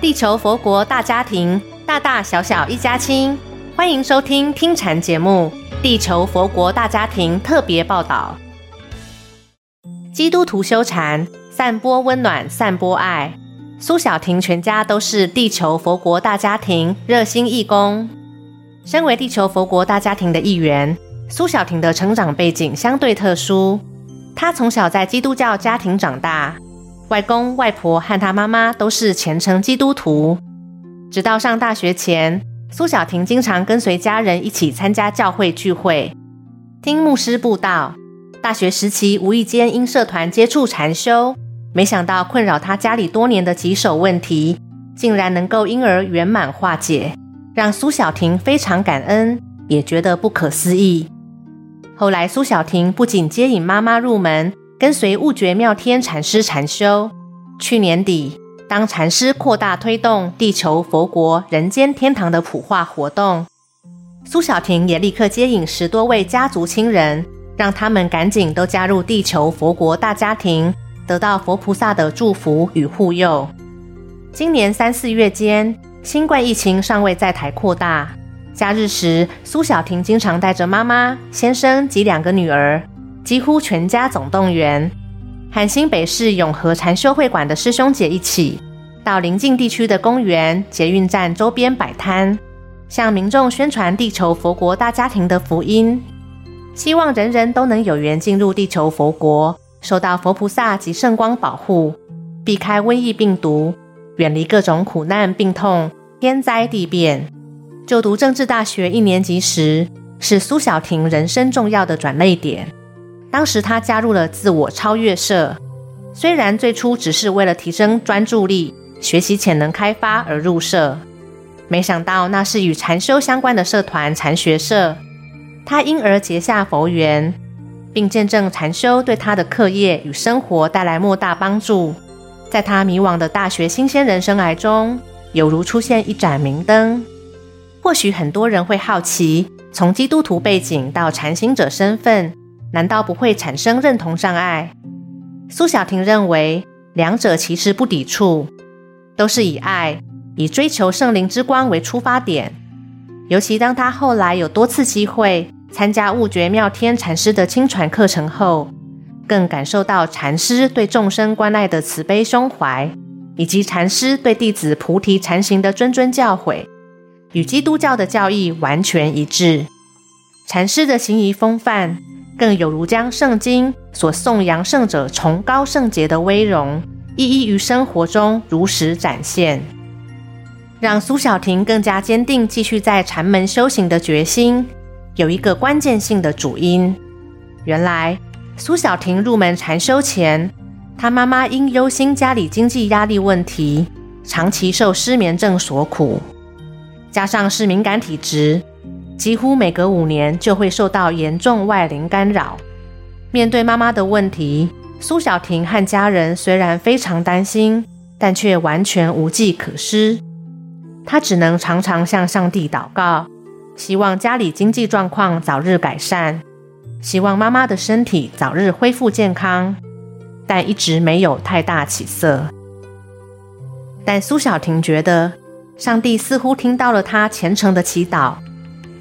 地球佛國大家庭，大大小小一家親，歡迎收聽聽禪節目《地球佛國大家庭特別報道》。基督徒修禪，散播溫暖，散播愛。蘇筱婷全家都是地球佛國大家庭熱心義工。身為地球佛國大家庭的一員，蘇筱婷的成長背景相對特殊，她從小在基督教家庭長大。外公外婆和她媽媽都是虔誠基督徒，直到上大學前，蘇筱婷經常跟隨家人一起參加教會聚會，聽牧師佈道。大學時期，無意間因社團接觸禪修，沒想到困擾她家裡多年的棘手問題，竟然能夠因而圓滿化解，讓蘇筱婷非常感恩，也覺得不可思議。後來，蘇筱婷不僅接引媽媽入門。跟隨悟覺妙天禪師禪修，去年底，當禪師擴大推動地球佛國、人間天堂的普化活動，蘇筱婷也立刻接引十多位家族親人，讓他們趕緊都加入地球佛國大家庭，得到佛菩薩的祝福與護佑。今年三四月間，新冠疫情尚未在台擴大，假日時，蘇筱婷經常帶着媽媽、先生及兩個女兒。幾乎全家總動員，喊新北市永和禪修會館的師兄姐一起，到鄰近地區的公園、捷運站周邊擺攤，向民眾宣傳地球佛國大家庭的福音，希望人人都能有緣進入地球佛國，受到佛菩薩及聖光保護，避開瘟疫病毒，遠離各種苦難病痛、天災地變。就讀政治大學一年級時，是蘇筱婷人生重要的轉捩點。當時他加入了自我超越社，雖然最初只是為了提升專注力、學習潛能開發而入社，沒想到那是與禪修相關的社團——禪學社。他因而結下佛緣，並見證禪修對他的課業與生活帶來莫大幫助。在他迷惘的大學新鮮人生涯中，猶如出現一盞明燈。或許很多人會好奇，從基督徒背景到禪行者身份，難道不會產生認同障礙？蘇筱婷認為，兩者其實不抵觸，都是以愛、以追求聖靈之光為出發點。尤其當她後來有多次機會參加悟覺妙天禪師的親傳課程後，更感受到禪師對眾生關愛的慈悲胸懷，以及禪師對弟子菩提禪行的諄諄教誨，與基督教的教義完全一致。禪師的行誼風範，更有如將聖經所頌揚聖者崇高聖潔的威容一一於生活中如實展現，讓蘇筱婷更加堅定繼續在禪門修行的決心，有一個關鍵性的主因。原來蘇筱婷入門禪修前，她媽媽因憂心家裡經濟壓力問題，長期受失眠症所苦，加上是敏感體質。幾乎每隔五年就會受到嚴重外靈干擾。面對媽媽的問題，蘇筱婷和家人雖然非常擔心，但卻完全無計可施。她只能常常向上帝禱告，希望家裡經濟狀況早日改善，希望媽媽的身體早日恢復健康，但一直沒有太大起色。但蘇筱婷覺得，上帝似乎聽到了她虔誠的祈禱。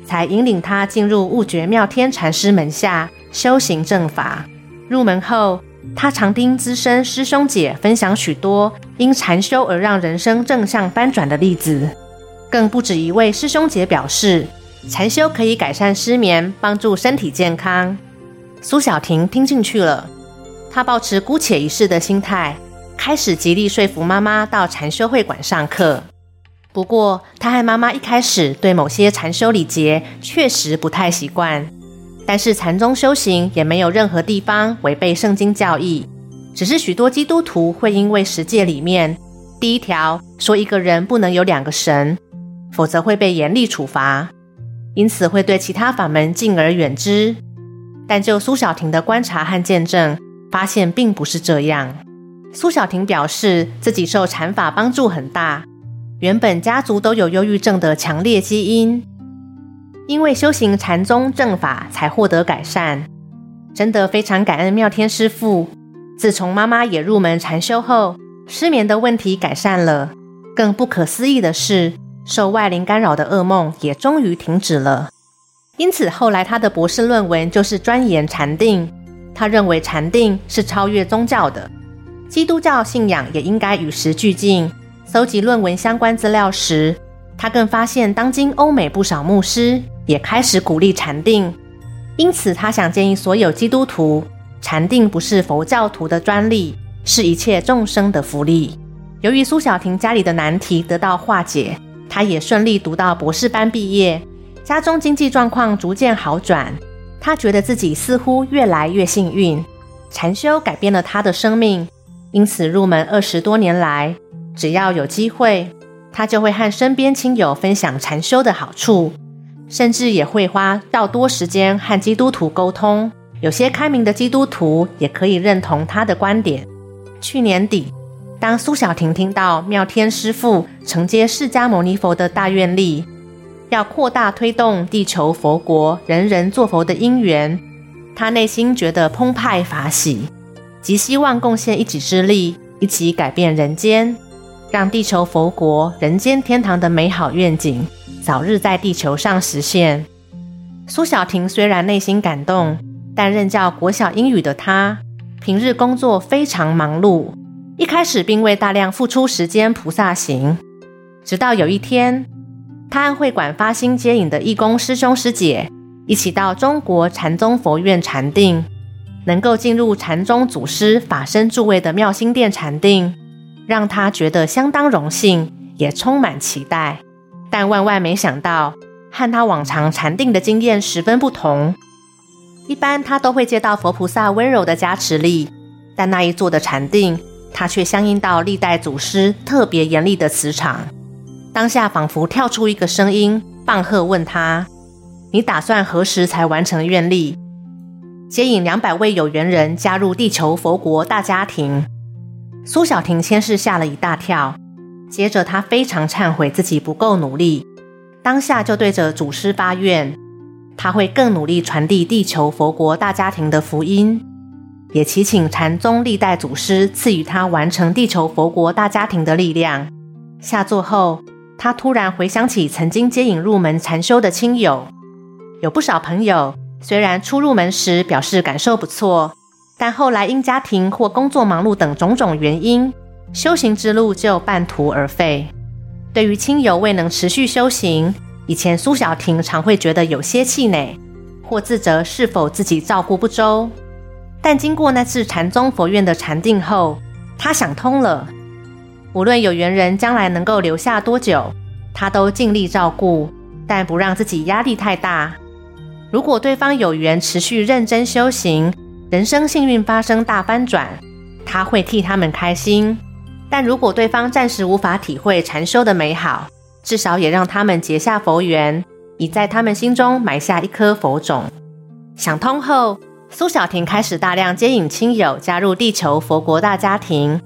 才引領她進入悟覺妙天禪師門下修行正法。入門後，她常聽資深師兄姐分享許多因禪修而讓人生正向翻轉的例子，更不止一位師兄姐表示，禪修可以改善失眠，幫助身體健康。蘇筱婷聽進去了，她抱持姑且一試的心態，開始極力說服媽媽到禪修會館上課。不過，她和媽媽一開始對某些禪修禮節確實不太習慣。但是禪宗修行也沒有任何地方違背聖經教義，只是許多基督徒會因為十誡裡面第一條說一個人不能有兩個神，否則會被嚴厲處罰，因此會對其他法門敬而遠之。但就蘇筱婷的觀察和見證，發現並不是這樣。蘇筱婷表示自己受禪法幫助很大。原本家族都有憂鬱症的強烈基因，因為修行禪宗正法才獲得改善，真的非常感恩妙天師父。自從媽媽也入門禪修後，失眠的問題改善了。更不可思議的是，受外靈干擾的噩夢也終於停止了。因此，後來她的博士論文就是專研禪定。她認為禪定是超越宗教的，基督教信仰也應該與時俱進。搜集論文相關資料時，他更發現當今歐美不少牧師也開始鼓勵禪定，因此他想建議所有基督徒：禪定不是佛教徒的專利，是一切眾生的福利。由於蘇筱婷家裡的難題得到化解，她也順利讀到博士班畢業，家中經濟狀況逐漸好轉，他覺得自己似乎越來越幸運。禪修改變了他的生命，因此入門二十多年來，只要有機會，他就會和身邊親友分享禪修的好處，甚至也會花較多時間和基督徒溝通。有些開明的基督徒也可以認同他的觀點。去年底，當蘇筱婷聽到妙天師父承接釋迦牟尼佛的大願力，要擴大推動地球佛國、人人做佛的因緣，她內心覺得澎湃法喜，即希望貢獻一己之力，一起改變人間。讓地球佛國、人間天堂的美好願景早日在地球上實現。蘇筱婷雖然內心感動，但任教國小英語的她，平日工作非常忙碌，一開始並未大量付出時間菩薩行。直到有一天，她和會館發心接引的義工師兄師姐一起到中國禪宗佛院禪定，能夠進入禪宗祖師法身住位的妙心殿禪定。讓他覺得相當榮幸，也充滿期待，但萬萬沒想到，和他往常禪定的經驗十分不同。一般他都會接到佛菩薩溫柔的加持力，但那一座的禪定，他卻相應到歷代祖師特別嚴厲的磁場。當下仿佛跳出一個聲音，棒喝問他：“你打算何時才完成願力？接引兩百位有緣人加入地球佛國大家庭？”蘇筱婷先是嚇了一大跳，接着她非常懺悔自己不夠努力，當下就對着祖師發願，她會更努力傳遞地球佛國大家庭的福音，也祈請禪宗歷代祖師賜予她完成地球佛國大家庭的力量。下座後，她突然回想起曾經接引入門禪修的親友，有不少朋友雖然初入門時表示感受不錯。但後來因家庭或工作忙碌等種種原因，修行之路就半途而廢。對於親友未能持續修行，以前蘇筱婷常會覺得有些氣餒，或自責是否自己照顧不周。但經過那次禪宗佛院的禪定後，她想通了：無論有緣人將來能夠留下多久，她都盡力照顧，但不讓自己壓力太大。如果對方有緣持續認真修行，人生幸運發生大翻轉，他會替他們開心。但如果對方暫時無法體會禪修的美好，至少也讓他們結下佛緣，已在他們心中埋下一顆佛種。想通後，蘇筱婷開始大量接引親友加入地球佛國大家庭，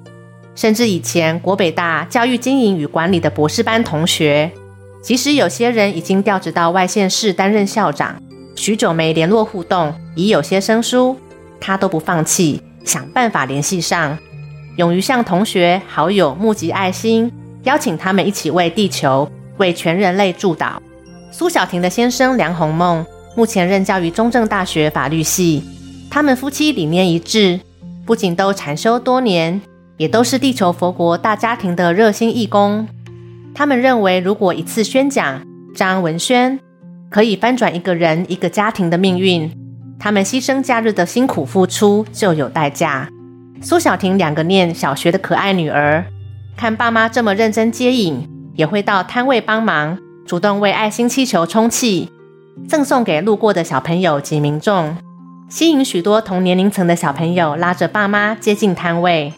甚至以前國北大教育經營與管理的博士班同學，即使有些人已經調職到外縣市擔任校長，許久沒聯絡互動，已有些生疏。他都不放棄，想辦法聯繫上，勇於向同學、好友募集愛心，邀請他們一起為地球、為全人類祝禱。蘇筱婷的先生梁紅夢目前任教於中正大學法律系，他們夫妻理念一致，不僅都禪修多年，也都是地球佛國大家庭的熱心義工。他們認為，如果一次宣講，張文宣可以翻轉一個人、一個家庭的命運。他們犧牲假日的辛苦付出，就有代價。蘇筱婷兩個念小學的可愛女兒，看爸媽這麼認真接引，也會到攤位幫忙，主動為愛心氣球充氣，贈送給路過的小朋友及民眾，吸引許多同年齡層的小朋友拉着爸媽接近攤位。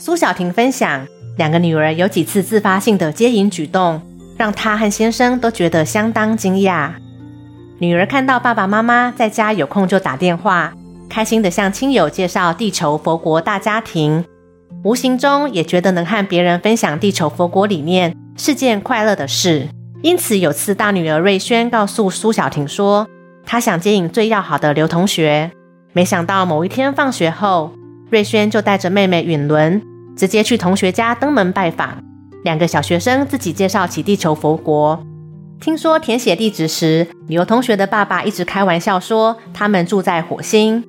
蘇筱婷分享，兩個女兒有幾次自發性的接引舉動，讓她和先生都覺得相當驚訝。女兒看到爸爸媽媽在家有空就打電話，開心地向親友介紹地球佛國大家庭，無形中也覺得能和別人分享地球佛國理念是件快樂的事。因此，有次大女兒瑞軒告訴蘇筱婷說，她想接引最要好的劉同學。沒想到某一天放學後，瑞軒就帶着妹妹允倫直接去同學家登門拜訪，兩個小學生自己介紹起地球佛國。聽說填寫地址時，劉同學的爸爸一直開玩笑說他們住在火星，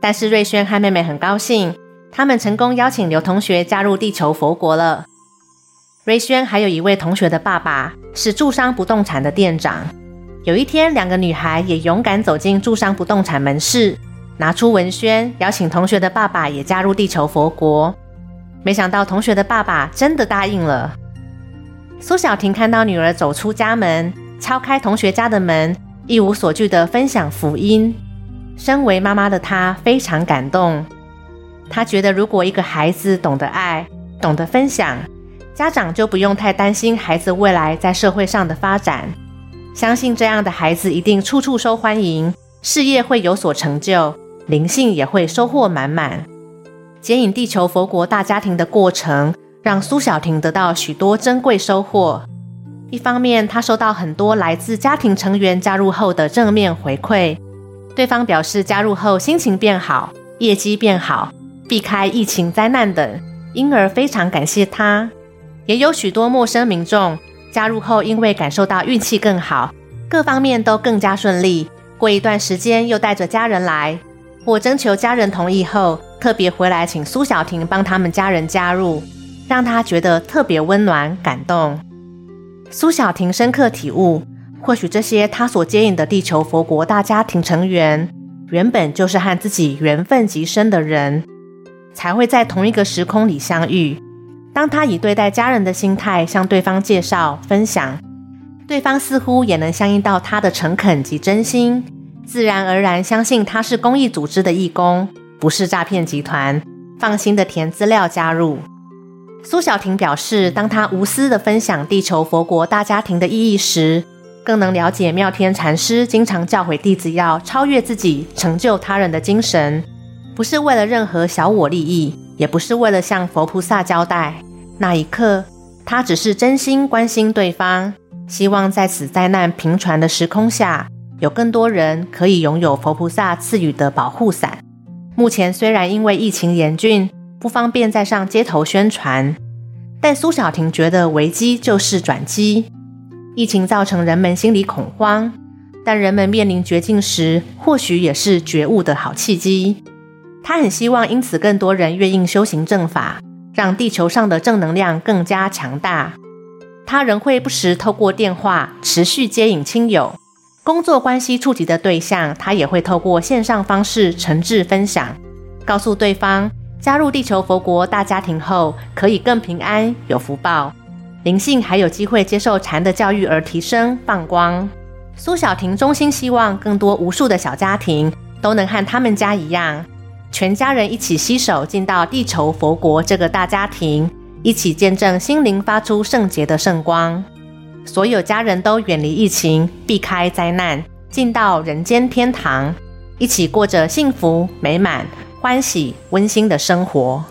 但是瑞軒和妹妹很高興，他們成功邀請劉同學加入地球佛國了。瑞軒還有一位同學的爸爸是住商不動產的店長，有一天，兩個女孩也勇敢走進住商不動產門市，拿出文宣，邀請同學的爸爸也加入地球佛國。沒想到同學的爸爸真的答應了。蘇筱婷看到女兒走出家門，敲開同學家的門，一無所懼地分享福音，身為媽媽的她非常感動。她覺得，如果一個孩子懂得愛、懂得分享，家長就不用太擔心孩子未來在社會上的發展。相信這樣的孩子一定處處受歡迎，事業會有所成就，靈性也會收穫滿滿。接引地球佛國大家庭的過程，讓蘇筱婷得到許多珍貴收穫。一方面，她收到很多來自家庭成員加入後的正面回饋，對方表示加入後心情變好、業績變好、避開疫情災難等，因而非常感謝她。也有許多陌生民眾加入後，因為感受到運氣更好，各方面都更加順利。過一段時間，又帶着家人來，或徵求家人同意後，特別回來請蘇筱婷幫他們家人加入。讓他覺得特別溫暖、感動。蘇筱婷深刻體悟，或許這些她所接引的地球佛國大家庭成員，原本就是和自己緣分極深的人，才會在同一個時空裡相遇。當她以對待家人的心態向對方介紹、分享，對方似乎也能相應到她的誠懇及真心，自然而然相信她是公益組織的義工，不是詐騙集團，放心的填資料加入。蘇筱婷表示，當她無私地分享地球佛國大家庭的意義時，更能了解妙天禪師經常教誨弟子要超越自己、成就他人的精神，不是為了任何小我利益，也不是為了向佛菩薩交代。那一刻，她只是真心關心對方，希望在此災難頻傳的時空下，有更多人可以擁有佛菩薩賜予的保護傘。目前雖然因為疫情嚴峻，不方便再上街頭宣傳，但蘇筱婷覺得危機就是轉機。疫情造成人們心理恐慌，但人們面臨絕境時，或許也是覺悟的好契機。她很希望因此更多人願意修行正法，讓地球上的正能量更加強大。她仍會不時透過電話持續接引親友，工作關係觸及的對象，她也會透過線上方式誠摯分享，告訴對方，加入地球佛國大家庭後，可以更平安、有福報，靈性還有機會接受禪的教育而提升放光。蘇筱婷衷心希望更多無數的小家庭都能和他們家一樣，全家人一起攜手進到地球佛國這個大家庭，一起見證心靈發出聖潔的聖光，所有家人都遠離疫情，避開災難，進到人間天堂，一起過着幸福美滿。歡喜溫馨的生活。